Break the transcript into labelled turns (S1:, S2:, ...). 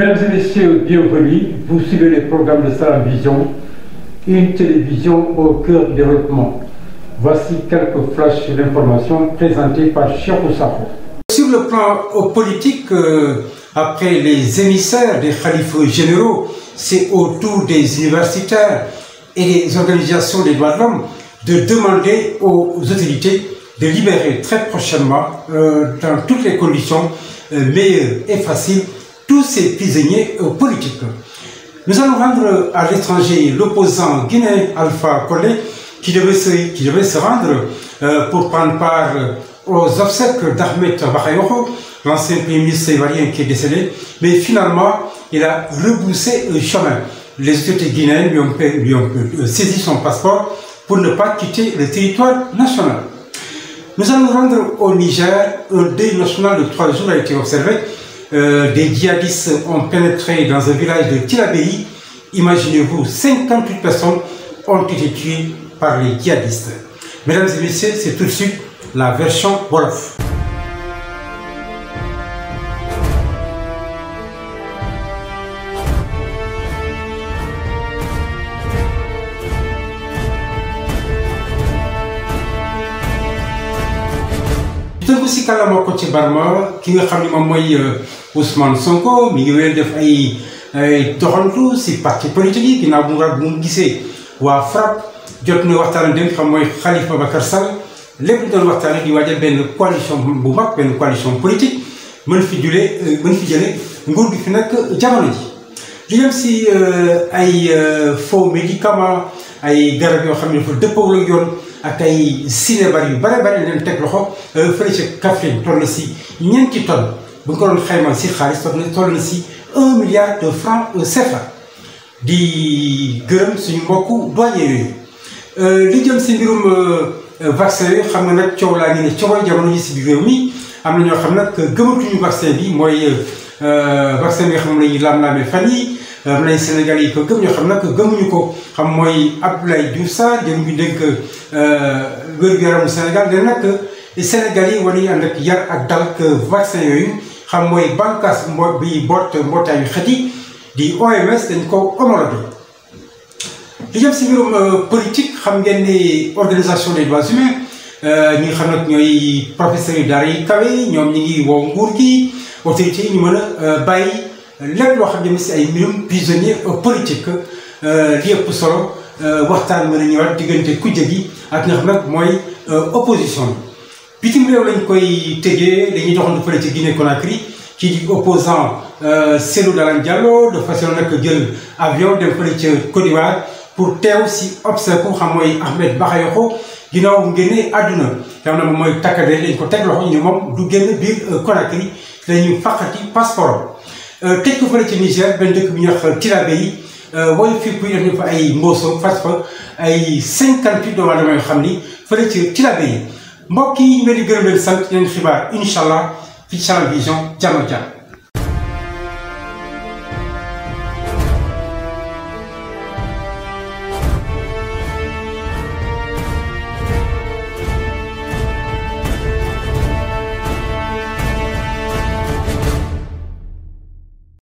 S1: Mesdames et messieurs, bienvenue. Vous suivez les programmes de Salam Vision, une télévision au cœur du développement. Voici quelques flashs d'informations présentés par Cheikh Safo. Sur le plan euh, politique, euh, après les émissaires des khalifes généraux, c'est au tour des universitaires et des organisations des droits de l'homme de demander aux autorités de libérer très prochainement, euh, dans toutes les conditions euh, meilleures et tous ces prisonniers euh, politiques. Nous allons rendre à l'étranger l'opposant guinéen Alpha Collé qui devait se, rendre euh, pour prendre part aux obsèques d'Ahmed Bakayoko, l'ancien premier ministre ivoirien qui est décédé, mais finalement, il a reboussé le chemin. Les autorités guinéennes lui ont, euh, saisi son passeport pour ne pas quitter le territoire national. Nous allons rendre au Niger, un deuil de trois jours a été observé Euh, des djihadistes ont pénétré dans un village de Tilabéi. Imaginez-vous, personnes ont été tuées par les djihadistes. Mesdames et messieurs, c'est tout de suite la version Wolof. tënk si kàllaama ko ci Ousmane Sonko mi ngi wéy def ay ay doxantu si parti politique yi ginnaaw bu nga bu mu waa FRAPP jot na waxtaan ak xam mooy Khalifa Babacar Sall lépp ñu doon waxtaan di waajal benn coalition bu mag benn coalition politique mën fi julee euh, mën fi jëlee nguur gi fi nag jamono ji. li dem si euh, ay euh, faux médicaments ay garab yoo xam ne dafa dëppoo la yoon ak ay cinébar yu bare bare leen teg loxo fële ca Kaffrine toll si ñeenti tonnes. bu ñu ko doon xaymal si xaalis toog na toll na si un milliard de francs euh, CFA di gërëm suñu mbokku doyen yooyu. Euh, li jëm si mbirum euh, vaccin yi xam nga nag coow laa ngi ne coowal jamono ji si biir réew mi am ñoo xam nag gëmatuñu vaccin bi mooy vaccin bi xam ne dañuy laam-laamee Sénégal yi gëm ñoo xam nag gëmuñu ko xam mooy Abdoulaye Diouf Sarr jëm ñu dénk wér-gu-yaramu Sénégal léegi nag Sénégal yi war nañu ànd ak yar ak dal vaccin yooyu xam mooy bànqaas mbo bi boot mbootaayu xet yi di OMS dañ ko homologué li jëm si mbirum euh, politique xam ngeen ni organisation des droits humains euh, ñi nga xam nag ñooy professeurs yu daara yi kawe ñoom ñi ngi woo nguur gi autorité yi ñu mën a euh, bàyyi lépp loo xam ne si ay mbirum prisonnier politique li ëpp solo waxtaan mën a ñëwaat diggante kujje gi ak nga xam nag mooy opposition bi bitim réew lañ koy tëjee dañuy doxantu fële ci Guinée Conakry kii di opposant euh, Cellou Dalein Diallo dafa seetlu jël avion dem fële ca Côte pour teew si obstacle ku xam mooy Ahmed Bakayoko ginnaaw ngénne àdduna xam na moom mooy takkade dañ ko teg loxo ñu moom du génn biir euh, Conakry dañu fàqati passeport euh, tëj ko fële ci Niger benn dëkk bi ñuy wax Tillabé yi wooyu fipp yi def ñu fa ay mbooso fas fa ay cinquante-huit doomu aadama xam ni fële ci mbokk yi ñu leen di gërëm leen sant yeneen xibaar incha allah fii Salam Vision jàmm jàmm